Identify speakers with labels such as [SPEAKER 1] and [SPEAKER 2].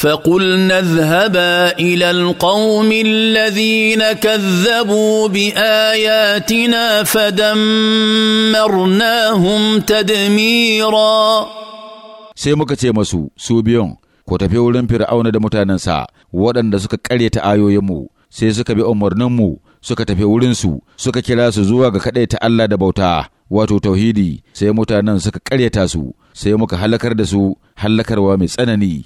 [SPEAKER 1] فقلنا اذهبا الى القوم الذين كذبوا باياتنا فدمرناهم تدميرا
[SPEAKER 2] sai muka ce masu su biyun ku tafi wurin fir'auna da mutanensa waɗanda suka ƙaryata ayoyinmu sai suka bi umarninmu suka tafi wurinsu suka kira su zuwa ga kaɗaita Allah da bauta wato tauhidi sai mutanen suka ƙaryata su sai muka halakar da su halakarwa mai tsanani